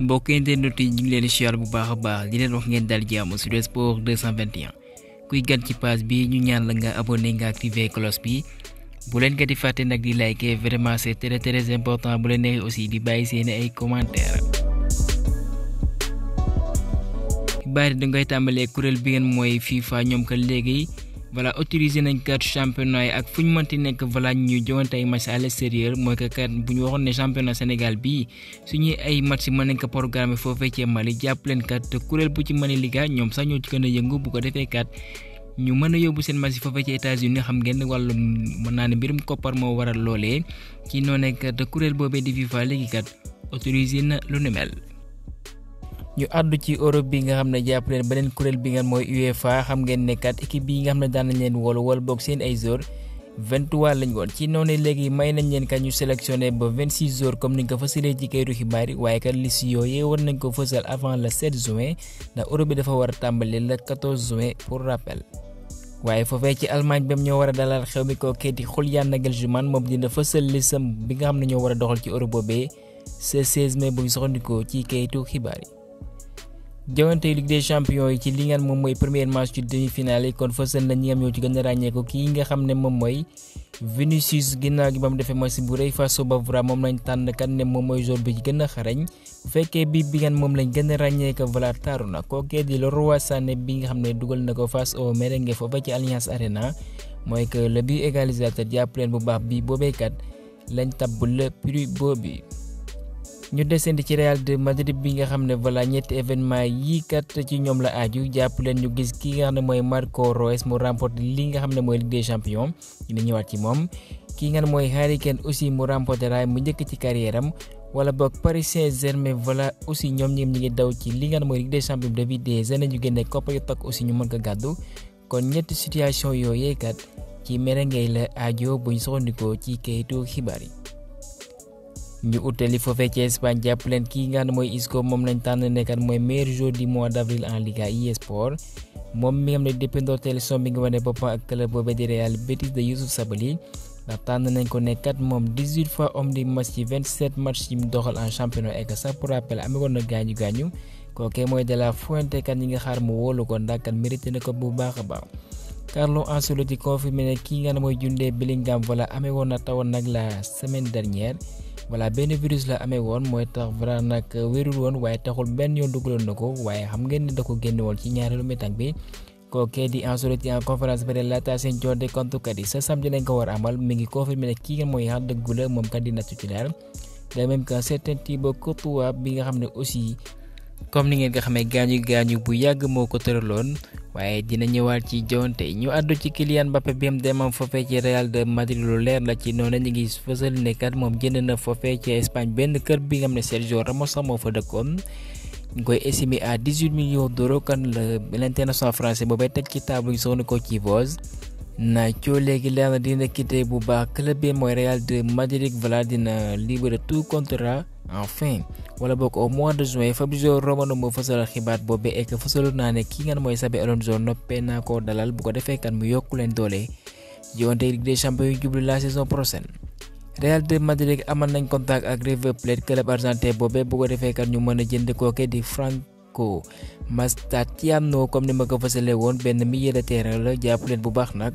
mbokk internet yi ñu ngi leen di siyaar bu baax a baax di leen wax ngeen dal jàmm su Sport 221 kuy gan ci page bi ñu ñaan la nga abonné nga activer cloche bi bu leen ko di fàtte nag di liker vraiment c'est très très important bu leen neexee aussi di bàyyi seen ay commentaires. xibaar yi da ngay tàmbalee kuréel bi ngeen mooy FIFA ñoom ka léegi. voilà autorisé nañ kat championnat yi ak fu ñu mënti nekk voilà ñuy jowante ay match à l'extérieur mooy que kat bu ñu waxoon ne championnat Sénégal bii suñuy ay match mën nañ ko programme foofee ci Mali jàpp leen kat te kuréel bu ci mën liga ñoom sax ñu ci gën a yëngu bu ko defee kat ñu mën a yóbbu seen match yi foofee ci états xam ngeen wàllu mën naa ne mbirum koppar moo waral loolee ci noonee kat kuréel boobee di FIFA léegi kat autorisé na lu nu mel. ñu àddu ci Europe bi nga xam ne jàpp leen beneen kuréel bi nga mooy UEFA xam ngeen ne kat équipe yi nga xam ne daan leen wol wol boog seen ay joueurs 23 lañ woon ci noonu léegi may nañ leen kat ñu sélectionné ba 26 joueurs comme ni nga ko fësalee ci kayitu xibaar yi waaye kat liste yooyee war nañ ko fësal avant le 7 juin ndax Europe bi dafa war a tàmbali le 14 juin pour rappel. waaye foofee ci Allemagne ba ñoo war a dalal xew mi koo kii di Julian Nagelsmann moom dina fësal lisam bi nga xam ne ñoo war a doxal ci Europe boobee 16 mai bu ñu soxandikoo ci kayitu xibaar yi. jawante Ligue des champions yi ci li ngeen moom mooy premier match ci demi-finale yi kon fësal na ñi nga xam ñoo ci gën a ràññee nga xam ne moom mooy Vinicius ginnaaw gi ba mu defee match bu rëy face au moom lañ tànn kan ne moom mooy joueur bi ci gën a xarañ fekkee bi bi ngeen moom lañ gën a ràññee ko taaru na kookee di Leroy Sané bi nga xam ne dugal na ko face au merengue foofa ci Allianz Arena mooy que le but égalisateur jàpp leen bu baax bi boobee kat lañ tabb le prix boobu. ñu desandi ci Real de Madrid bi nga xam ne voilà ñetti événement yii kat ci ñoom la aju jàpp leen ñu gis ki nga xam ne mooy Marco Reus mu remporté li nga ne mooy Ligue des Champions dina ñëwaat ci moom ki nga xam mooy Harry Kane aussi mu remporté raay mu njëkk ci carrière am wala boog Paris Saint-Germain voilà aussi ñoom ñoom ñi ngi daw ci li nga xam ne mooy Ligue des Champions depuis des années ñu génne koppar yu takk aussi ñu mën ko gàddu kon ñetti situation yooy kat ci merengue la aajo bu ñu soxandikoo ci kayitu xibaar yi. ñu utali foofee ci Espagne jàpp leen kii nga xam mooy Isco moom lañ tànn nekkat mooy meilleur joueur du mois d' avril en Liga e-sport moom mi nga xam ne depuis ndorteel som bi nga wane boppam ak club boobee di Real Betis de Youssouf Sabaly ndax tànn nañ ko nekkat moom fois homme du match ci 27 match yi mu doxal en championnat écossais pour rappel amee na gaañu gaañu kookee mooy de la Fuente ñi ngi xaar mu wóolu ko ndax kat mérité ko bu baax a baax. Carlo Ancelotti confirmé ne kii nga xam ne mooy Jude Bellingham voilà amee woon na tawoon nag la semaine dernière. voilà benn virus la amee woon mooy tax Varane nag wérul woon waaye taxul benn yoon dugaloon na ko waaye xam ngeen ne da ko génne woon ci ñaareelu mi bi kookee di Ancelotti en conférence bi laata seen joor de compte kat yi sa samedi lañ ko war amal mi ngi confirmé ne kii mooy xam dëggu moom kat di na titulaire de même que certain Thibaut Courtois bi nga xam ne aussi comme ni ngeen ko xamee gaañu gaañu bu yàgg moo ko tëraloon waaye dina ñëwaat ci jonte ñu àddu ci Kylian Mbappé bi am demam foofee ci Real de Madrid lu leer la ci noonu ñu ngi fësal ne moom jënd na foofee ci Espagne benn kër bi nga xam ne Sergio Ramos sax moo fa dëkkoon ñu koy estimé à 18 millions d'euros kan la l'international français boobay teg ci table ñu soxna ko ci Voz. Nacho léegi leer na dina quitté bu baax club bi mooy Real de Madrid voilà dina libre tout contrat. enfin wala bokk au mois de juin Fabrizio Romano moo fësalal xibaat boobee ek fësaloon naa ne ki ngeen mooy Xabi Alonso noppee naa ko dalal bu ko defee kat mu yokku leen doole jiwante Ligue des champions yu la saison prochaine. Real de Madrid amal nañ contact ak River Plate club argentin boobee bu ko defee kat ñu mën a jënd kooke di Franco Mastatiano comme ni ma ko fësalee woon benn milieu de terrain la jàpp leen bu baax nag.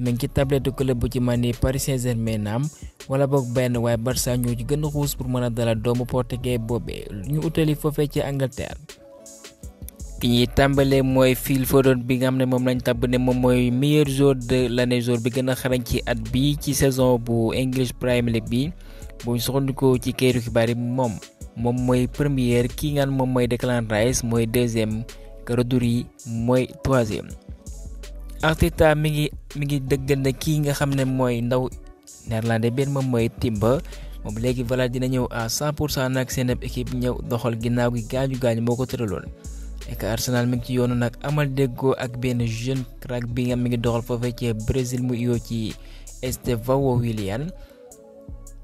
mi ngi ci tabletu club bu ci Paris Saint-Germain naam wala bok benn waaye Barça ñoo ci gën a xuus pour mën a dalal doomu portugais boobee ñu utali foofee ci Angleterre. ki ñuy tàmbalee mooy Phil Foden bi nga xam ne moom lañ tàbb ne moom meilleur joueur de l'année joueur bi gën xarañ ci at bi ci saison bu English Premier League bi bu ñu soxandikoo ci këru xibaar yi moom moom mooy première ki nga moom mooy Declan Rice mooy deuxième Rodri mooy troisième. Arteta mi ngi mi ngi dëggal ne kii nga xam ne mooy ndaw néerlandais benn moom mooy Timba moom léegi voilà dina ñëw à 100 pour cent nag seen équipe ñëw doxal ginaaw gi gaañu gaañu moo ko tëraloon. et que Arsenal mi ngi ci yoonu nag amal déggoo ak benn jeune crack bi nga mi ngi doxal foofee ci Brésil mu yoo ci Estevão Willian.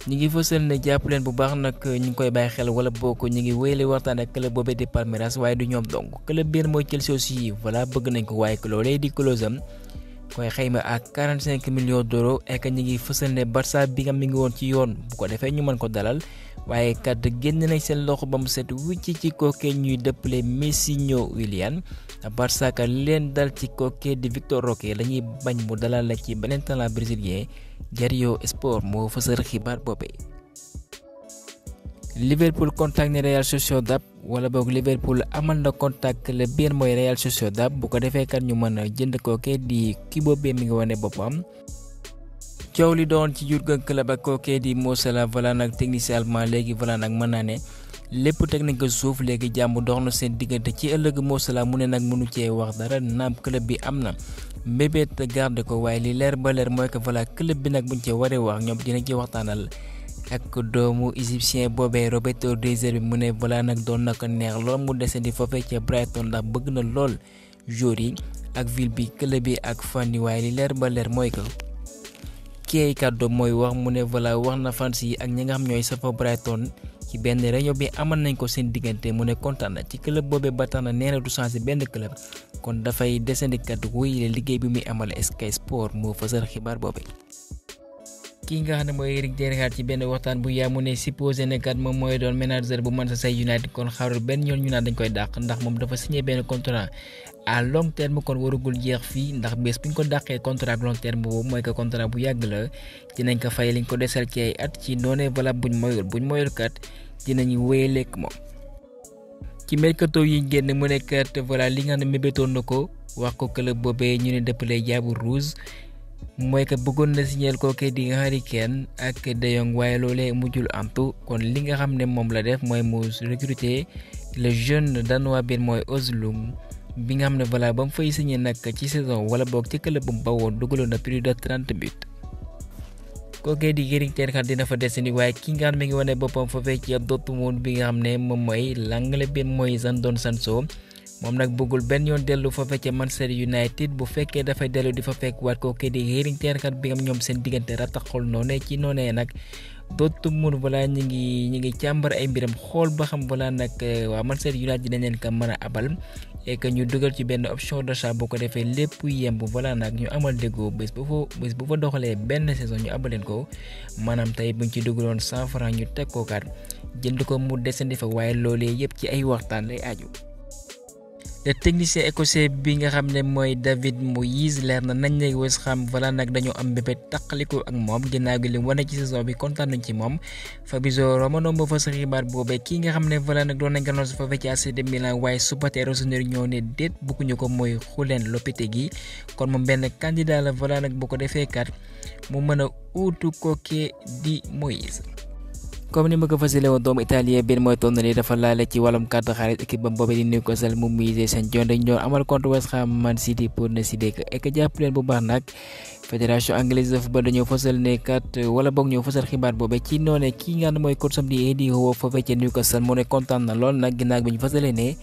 ñu ngi fësal ne jàpp leen bu baax nag ñu ngi koy bàyyi xel wala boo ko ñu ngi wéyale waxtaan ak club boobee di Palmeiras waaye du ñoom donc club benn mooy Chelsea aussi voilà bëgg nañ ko waaye que di close koy xayma ak 45 millions d'euros et que ñu ngi fësal ne Barça bi nga mi ngi woon ci yoon bu ko defee ñu mën ko dalal waaye kat génn nañ seen loxo ba mu set wicc ci kooke ñuy dëppale Messinho Willian Barça ka leen dal ci kooke di Victor Roque lañuy bañ bu dalal la ci beneen talent brésilien Diario Sport moo fësal xibaar boobee. Liverpool contact ni Real Sociedad wala boog Liverpool amal na contact le biir mooy Real Sociedad bu ko defee kat ñu mën a jënd kookee di kii boobee mi ngi wane boppam. coow li doon ci Jurgen Klopp ak kookee di Mo Salah voilà nag technicien allemand léegi voilà nag mën naa ne lépp teg nañ ko suuf léegi jàmm dox na seen diggante ci ëllëg Mo mu ne nag mënu cee wax dara naam club bi am na. mbébét garde ko waaye li leer ba leer mooy que voilà club bi nag buñ ci waree wax ñoom dina ci waxtaanal. ak doomu égyptien boobee Roberto De Zerbi mu ne balaa nag doon na neex lool mu desandi foofee ca Brighton ndax bëgg na lool joueur yi ak ville bi club yi ak fan yi waaye li leer ba leer mooy ko. kii kàddu mooy wax mu ne voilà wax na fans yi ak ñi nga xam ñooy safa Brighton ci benn réunion bi amal nañ ko seen diggante mu ne kontaan ci club boobee ba tax na nee na du changé benn club kon dafay desandi kàddu wuy liggéey bi muy amal Sky Sport moo fësal xibaar boobee. ki nga xam ne mooy Eric Ten Hag ci benn waxtaan bu yaa mu ne supposé ne kat moom mooy doon manager bu Manchester United kon xaarul benn ñoon ñu naan dañ koy dàq ndax moom dafa signé benn contrat à long terme kon waragul jeex fii ndax bés bu ñu ko dàqee contrat long terme boobu mooy que contrat bu yàgg la dinañ ko fay liñ ko desal ci ay at ci noonee balaa buñ moyul buñ moyul kat dinañu wéy lekk moom. ci mercato yi génn mu ne kat voilà li nga xam ne mébétoon na ko wax ko club boobee ñu ne dëpp lay jaabu rouge. mooy que bëggoon na signeel kookee di Harry Kane ak De Jong waaye loolee mujjul amtu kon li nga xam ne moom la def mooy mu recruter le jeune danois bi mooy Özlum bi nga xam ne balaa ba fay signé nag ci saison wala boog ci club bu ba woon dugaloon na plus de trente buts. kookee di Erik ten Hag dina fa desandi waaye ki nga xam ne mi ngi wane boppam foofee ci Dortmund bi nga xam ne moom mooy l'anglais benn mooy Jadon Sancho. moom nag bëggul benn yoon dellu fa fecce Manchester United bu fekkee dafay dellu di fa fekk waat koo kii di Héringsteen kat bi nga ñoom seen diggante rataxul noonee ci noonee nag dootu mun voilà ñu ngi ñu ngi càmbar ay mbiram xool ba xam voilà nag eh, waa Manchester United dañ leen ko mën a abal et que ñu dugal ci benn option de d'achat boo ko defee lépp yemb balaa nag ñu amal déggoo bés bu fa bés bu fa doxalee benn saison ñu abaleen ko maanaam tey buñ ci dugaloon cent franc ñu teg ko kat jënd ko mu desandi fa waaye loolee yëpp ci ay waxtaan lay aju. te technicien écossais bi nga xam ne mooy David Moyes leer na nañ ne xam Ham nag dañoo am bébé taqaliku ak moom ginnaaw gi li wane ci saison bi kontaan nañ ci moom Fabrizio Romano moo fa sa xibaar boobee kii nga xam ne voilà nag doon nañ ko noonu su fa ci AC Milan waaye supporteru suñu ñoo ne déet bëgguñu ko mooy Julen gi kon moom benn candidat la voilà nag boo ko defee kat mu mën a uutu kookee di Moyes. comme ni ma ko fasile woon doomu italien benn mooy toll nii dafa laale ci wàllum carte xaalis équipe bam boobee di Newcastle mu muyisee seen jon dañ doon amal contre West Ham ne leen bu baax nag fédération anglaise de wala boog ñoo xibaar boobee ci noone kii nga xam ne mooy coach am kontaan na lool nag ginnaaw bi ñu fësalee ne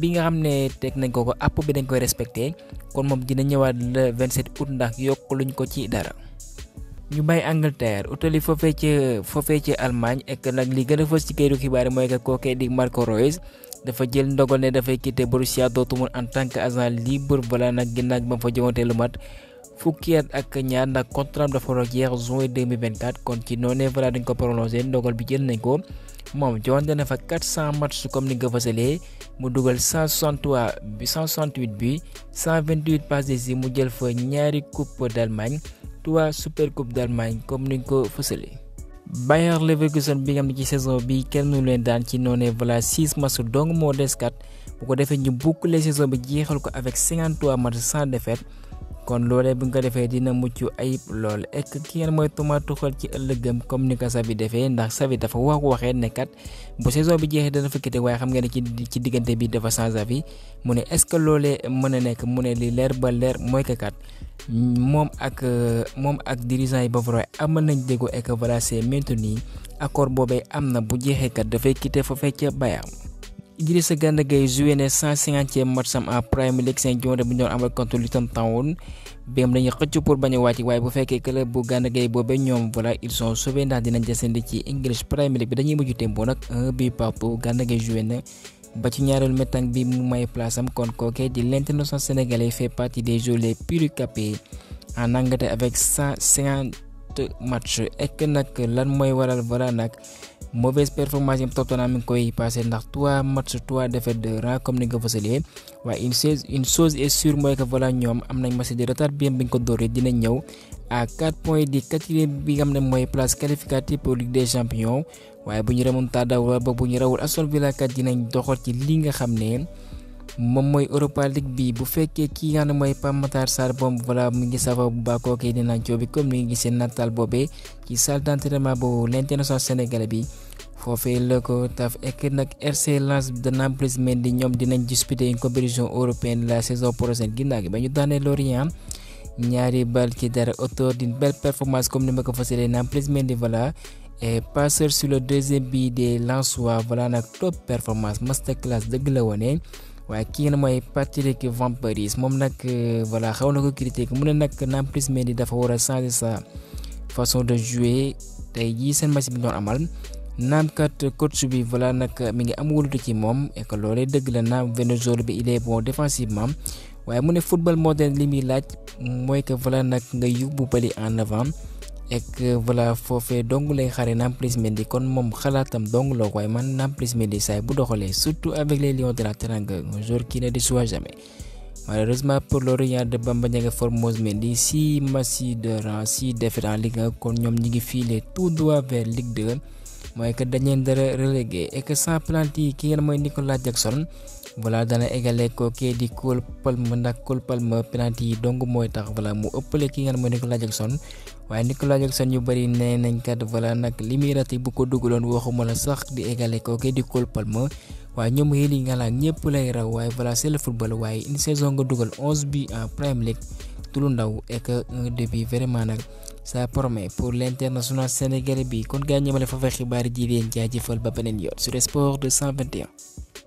bi nga xam ne teg nañ ko ko app dañ koy respecté kon moom dina ñëwaat le 27 août ndax yokk luñ ko ci dara. ñu bàyyi Angleterre utali foofee ca foofee ca Allemagne ek nag li gën a fës ci këyitu xibaar yi mooy que kookee di Marco Reus dafa jël ndogal ne dafay quitter Borussia Dortmund en tant que agent libre balaa nag ginnaaw ba mu fa jongante lu mat fukki at ak ñaar ndax contrat dafa war a jeex juin 2024 kon ci noonee balaa dañ ko prolongé ndogal bi jël nañ ko. moom John dana fa 400 matchs comme ni nga ko fasalee mu dugal 163 bi 168 bi 128 passes décisives mu jël fa ñaari coupe d'Allemagne 3 super coupe d'Allemagne comme ni ko fasalee. Bayer Leverkusen bi nga xam ne ci saison bi kenn nu leen daan ci noonee voilà 6 matchs dong moo des kat bu ko defee ñu boucler saison bi jeexal ko avec 53 matchs sans défaite. kon loolee bu nga ko defee dina mucc ayib lool ek ki ngeen mooy Thomas Tuchel ci ëllëgam comme ni ko Xavi defee ndax Xavi dafa wax waxee ne kat bu saison bi jeexee dana fëkkate waaye xam ngeen ne ci ci diggante bi dafa sans avis mu ne est-ce que loolee mën a nekk mu ne li leer ba leer mooy que kat moom ak moom ak dirigeant yi Bavarois amal nañ déggoo et que voilà c'est maintenu accord boobee am na bu jeexee kat dafay quitter foofee ca Bayern Idrissa Gana Gueye joué ne 150e match am en Premier League seen jonte bu ñu doon amal contre Luton Town bém dañuy xëcc pour bañ a wàcc waaye bu fekkee club bu Gana boobee ñoom voilà ils sont sauvés ndax dinañ desandi ci English Premier League bi dañuy mujj tempo nag un but partout Gana ba ci ñaareelu métang bi mu may place kon kookee di l'international sénégalais fait partie des joueurs les plus capés en Angleterre avec 150 match ek nag lan mooy waral balaa nag mauvaise performance yi Tottenham mi ngi koy passé ndax trois match trois de rang comme ni nga ko fësalee waaye une chose une chose est sûre mooy que ñoom am nañ match de retard bien bi ñu ko dóoree dina ñëw à quatre di bi nga xam ne mooy place qualificative pour Ligue des Champions waaye bu ñu remontada wala ba bu rawul Aston Villa kat dinañ doxal ci li nga xam ne. moom mooy Europa League bi bu fekkee ki nga xam ne mooy Pape Matar Sarr moom mu ngi safa bu baax kooku dina joobi comme ni nga gisee nataal boobee ci salle d'entraînement boobu bi foofee ko taf ek nag RC Lens de Nampalys Mendy ñoom dinañ disputer une compétition européenne la saison prochaine ginnaaw gi ba ñu daanee Lorient ñaari bal ci dara auteur d'une belle performance comme ni ma ko fasalee Nampalys Mendy voilà et passeur sur le deuxième but des Lensois voilà nag top performance masterclass dëgg la wone waaye ki ngeen mooy partire Patrick Vampiris moom nag euh, voilà xaw na ko critique mu ne nag Nampalys Mendy dafa war a changer sa façon de jouer tey jii seen machine bi ñu amal naam kat coach bi voilà nag mi ngi am wóolute ci moom et que loolee dëgg la naam Venezuela bi il est bon défensivement waaye mu ne football moderne li muy laaj mooy que voilà nag nga yóbbu bëri en avant. ek voilà fofé dong lay xare Nampalys Mendy kon mom xalaatam dong la waaye man Nampalys Mendy say bu doxalee surtout avec les Lions de la Teranga un jour qui ne déçoit jamais malheureusement pour l'Orient de Bamba Dieng Formose Mendy si matchs de rang si défaite en Ligue kon ñom ñi ngi tout droit vers Ligue 2 mooy que dañeen dara relégué et que sans penalty ki ngeen moy Nicolas Jackson voilà dana égale ko kii di Cole Palmer ndax Cole Palmer penalty yi dong mooy tax voilà mu ëppale ki nga xam mooy Nicolas Jackson waaye Nicolas Jackson ñu bëri nee nañ kat voilà nag li muy bu ko dugaloon waxuma la sax di égale ko kii di Cole Palmer waaye ñoom yéen nga laaj ñëpp lay raw waaye voilà c'est le football waaye une saison nga dugal 11 bi en Premier League tulu ndaw et que un début vraiment nag ça promet pour l'international sénégalais bi kon gaa ñëmale foofa xibaar ji leen jaajëfal ba beneen yoon sur Sport 221.